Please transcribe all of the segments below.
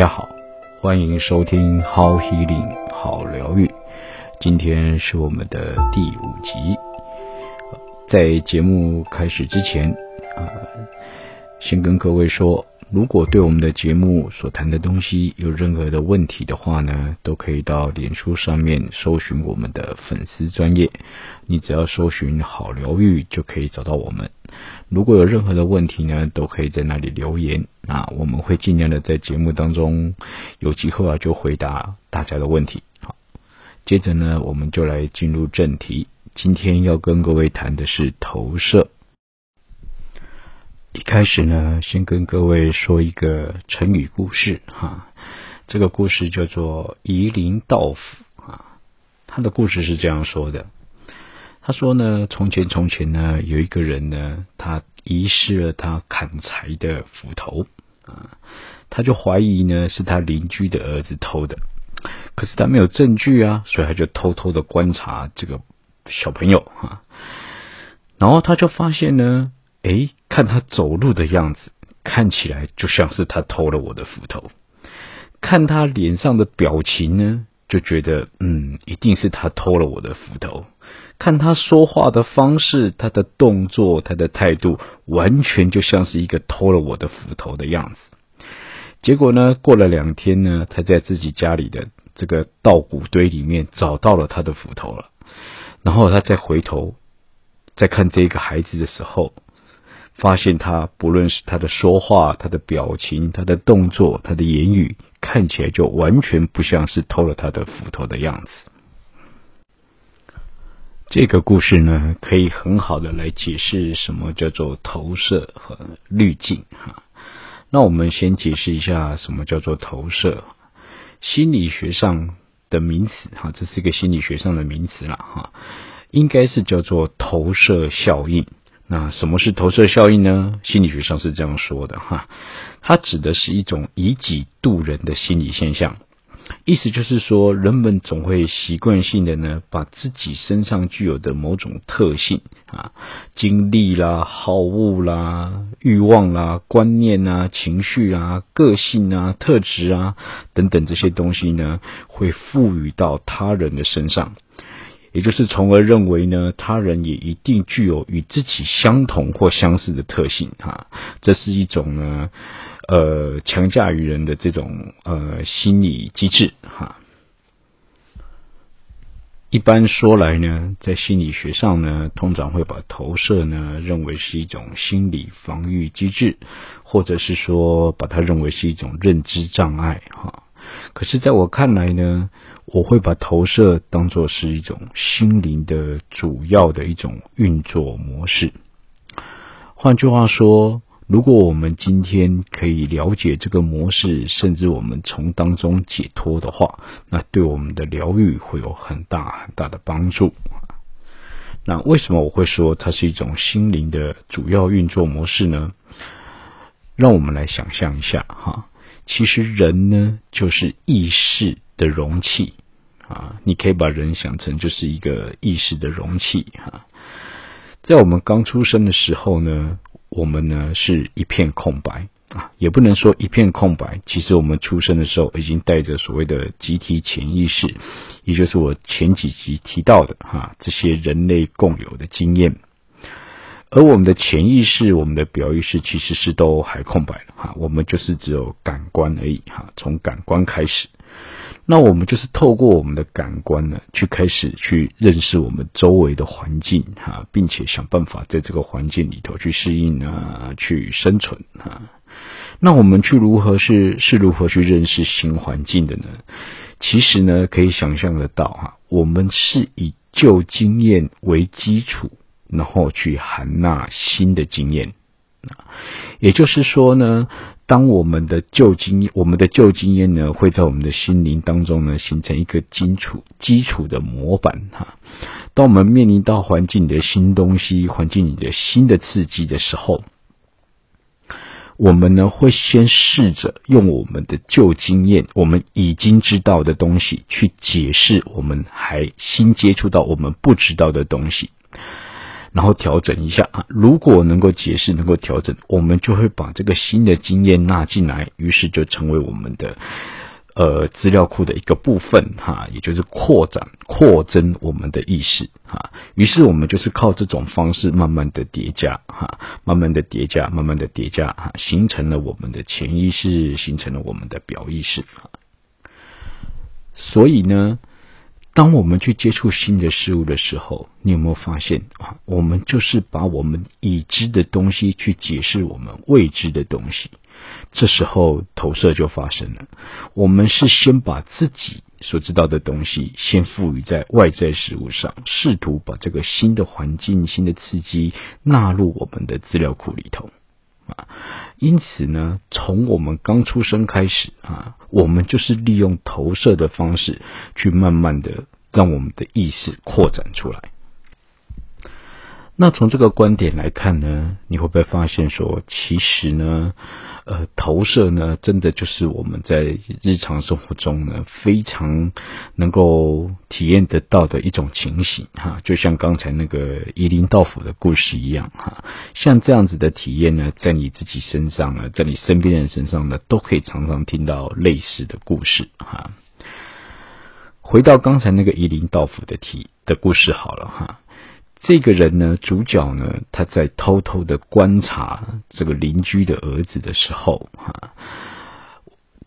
大家好，歡迎收聽好 healing 好療癒，今天是我們的第五集。在節目開始之前，呃，先跟各位說，如果對我們的節目所談的東西有任何的問題的話呢，都可以到臉書上面搜尋我們的粉絲專業，你只要搜尋好療癒就可以找到我們。如果有任何的問題呢，都可以在那裡留言。啊，那我們會盡量的在節目當中有機會啊，就回答大家的問題。好，接着呢，我們就來進入正題。今天要跟各位談的是投射。一開始呢，先跟各位說一個成語故事哈。這個故事叫做疑鄰盜斧。啊。他的故事是這樣說的：他說呢，從前從前呢，有一個人呢，他遺失了他砍柴的斧頭。啊，他就懷疑呢是他鄰居的兒子偷的，可是他沒有證據啊，所以他就偷偷的觀察這個小朋友啊，然後他就發現呢，誒，看他走路的樣子，看起來就像是他偷了我的斧頭，看他臉上的表情呢。就覺得，嗯，一定是他偷了我的斧頭。看他說話的方式、他的動作、他的態度，完全就像是一個偷了我的斧頭的樣子。結果呢，過了兩天呢，他在自己家裡的這個稻谷堆裡面找到了他的斧頭了。然後他再回頭再看這個孩子的時候，發現他不論是他的說話、他的表情、他的動作、他的言語，看起來就完全不像是偷了他的斧頭的樣子。這個故事呢，可以很好的來解釋什麼叫做投射和濾鏡哈。那我們先解釋一下什麼叫做投射，心理學上的名詞哈，這是一個心理學上的名詞啦哈，應該是叫做投射效應。那什麼是投射效應呢？心理學上是這樣說的哈，它指的是一種以己度人的心理現象，意思就是說，人們總會習慣性的呢，把自己身上具有的某種特性啊，經歷啦、好惡啦、慾望啦、觀念啦、情緒啊、個性啊、特質啊等等這些東西呢，會賦予到他人的身上。也就是，從而認為呢，他人也一定具有與自己相同或相似的特性哈，這是一種呢，呃，強加於人的這種呃心理機制哈。一般說來呢，在心理學上呢，通常會把投射呢認為是一種心理防禦機制，或者是說把它認為是一種認知障礙哈。可是，在我看來呢，我會把投射當作是一種心靈的主要的一種運作模式。換句話說，如果我們今天可以了解這個模式，甚至我們從當中解脫的話，那對我們的療癒會有很大很大的幫助。那為什麼我會說它是一種心靈的主要運作模式呢？讓我們來想象一下哈。其實人呢，就是意識的容器啊。你可以把人想成就是一個意識的容器哈、啊。在我們剛出生的時候呢，我們呢是一片空白啊，也不能說一片空白。其實我們出生的時候已經帶着所謂的集體潛意識，也就是我前幾集提到的哈、啊，這些人類共有的經驗。而我們的潛意識、我們的表意識，其實是都還空白的哈。我們就是只有感官而已哈。從感官開始，那我們就是透過我們的感官呢，去開始去認識我們周圍的環境哈，並且想辦法在這個環境裡頭去適應啊，去生存啊。那我們去如何是是如何去認識新環境的呢？其實呢，可以想象得到哈，我們是以舊經驗為基礎。然後去含納新的經驗，那也就是說呢，當我們的舊經驗，我們的舊經驗呢，會在我們的心靈當中呢，形成一個基礎基礎的模板哈、啊。當我們面臨到環境的新東西、環境裡的新的刺激的時候，我們呢會先試着用我們的舊經驗，我們已經知道的東西去解釋我們還新接觸到我們不知道的東西。然後調整一下啊，如果能夠解釋，能夠調整，我們就會把這個新的經驗納進來，於是就成為我們的呃資料庫的一個部分哈，也就是擴展、擴增我們的意識哈。於是我們就是靠這種方式慢慢的疊加哈，慢慢的疊加，慢慢的疊加哈，形成了我們的潛意識，形成了我們的表意識哈，所以呢。當我們去接觸新的事物的時候，你有沒有發現啊？我們就是把我們已知的東西去解釋我們未知的東西，這時候投射就發生了。我們是先把自己所知道的東西先賦予在外在事物上，試圖把這個新的環境、新的刺激納入我們的資料庫裡頭。因此呢，從我們剛出生開始啊，我們就是利用投射的方式去慢慢的讓我們的意識擴展出來。那從這個觀點來看呢，你會不會發現說，其實呢，呃，投射呢，真的就是我們在日常生活中呢，非常能夠體驗得到的一種情形哈，就像剛才那個伊林道府的故事一樣哈，像這樣子的體驗呢，在你自己身上呢，在你身邊人身上呢，都可以常常聽到類似的故事哈。回到剛才那個伊林道府的體的故事好了哈。這個人呢，主角呢，他在偷偷的觀察這個鄰居的兒子的時候，哈，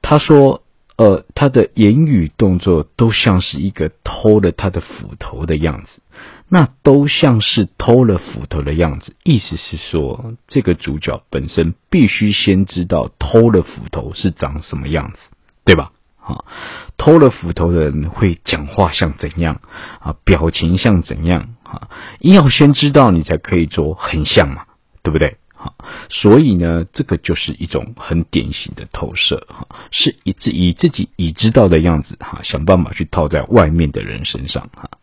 他說：“呃，他的言語動作都像是一個偷了他的斧頭的樣子，那都像是偷了斧頭的樣子。”意思是說，這個主角本身必須先知道偷了斧頭是長什麼樣子，對吧？啊，偷了斧頭的人會講話像怎樣？啊，表情像怎樣？啊，要先知道你才可以做很像嘛，對不對？啊，所以呢，這個就是一種很典型的投射，哈，啊，是以自以自己已知道的樣子，哈，啊，想辦法去套在外面的人身上，哈，啊。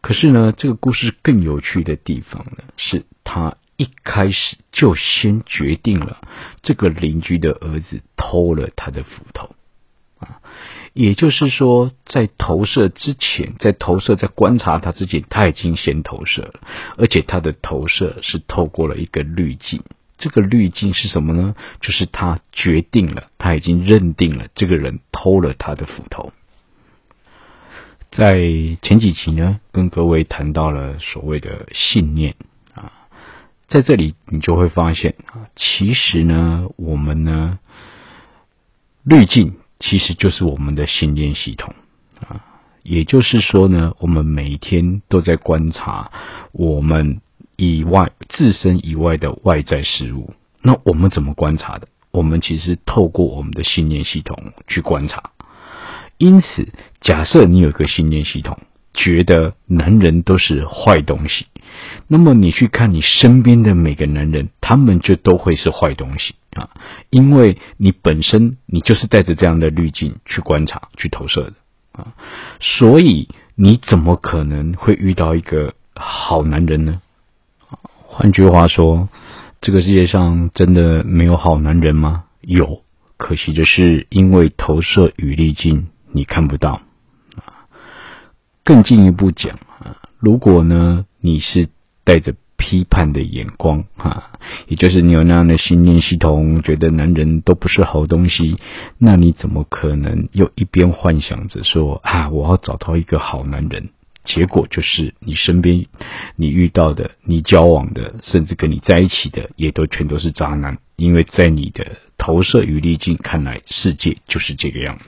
可是呢，這個故事更有趣的地方呢，是他。一開始就先決定了這個鄰居的兒子偷了他的斧頭啊，也就是說，在投射之前，在投射，在觀察他之前，他已經先投射了，而且他的投射是透過了一個濾鏡。這個濾鏡是什麼呢？就是他決定了，他已經認定了這個人偷了他的斧頭。在前幾期呢，跟各位談到了所謂的信念。在這裡，你就會發現啊，其實呢，我們呢，濾鏡其實就是我們的信念系統啊。也就是說呢，我們每天都在觀察我們以外、自身以外的外在事物。那我們怎麼觀察的？我們其實透過我們的信念系統去觀察。因此，假設你有一個信念系統，覺得男人都是壞東西。那麼你去看你身邊的每個男人，他們就都會是壞東西啊！因為你本身你就是帶着這樣的濾鏡去觀察、去投射的啊，所以你怎麼可能會遇到一個好男人呢？啊，換句話說，這個世界上真的沒有好男人嗎？有，可惜的是，因為投射與濾鏡，你看不到啊。更進一步講啊，如果呢你是，帶着批判的眼光，哈，也就是你有那樣的信念系統，覺得男人都不是好東西，那你怎麼可能又一邊幻想着說啊，我要找到一個好男人，結果就是你身邊，你遇到的、你交往的，甚至跟你在一起的，也都全都是渣男，因為在你的投射與濾鏡看來，世界就是這個樣子。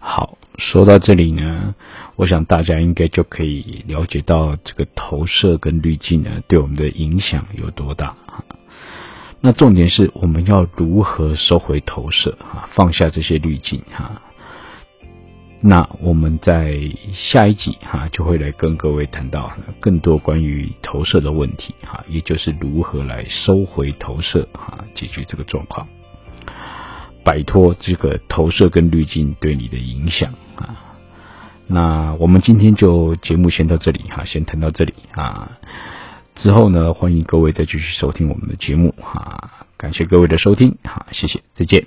好，說到這裡呢，我想大家應該就可以了解到這個投射跟濾鏡呢，對我們的影響有多大哈。那重點是我們要如何收回投射哈，放下這些濾鏡哈。那我們在下一集哈，就會來跟各位談到更多關於投射的問題哈，也就是如何來收回投射哈，解決這個狀況。擺脫這個投射跟濾鏡對你的影響啊！那我們今天就節目先到這裡哈、啊，先談到這裡啊。之後呢，歡迎各位再繼續收聽我們的節目哈、啊。感謝各位的收聽哈、啊，謝謝，再見。